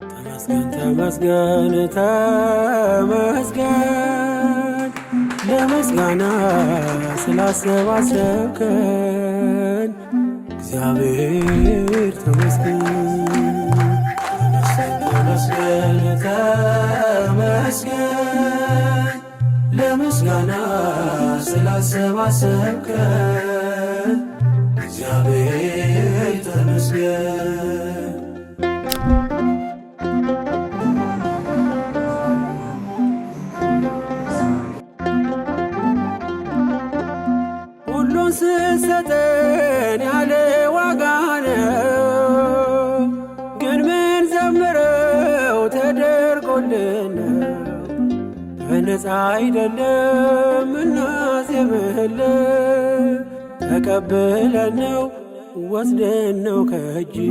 ተመስገን ተመስገን ተመስገን ለምስጋና ስላሰባሰብከን እግዚአብሔር ተመስገን ተመስገን ተመስገን ለምስጋና ስላሰባሰብከን ሁሉን ስሰጠን ያለ ዋጋ ነው። ግን ምን ዘምረው ተደርጎልን በነፃ አይደለም እናዜምል ተቀብለን ነው ወስደን ነው ከእጅ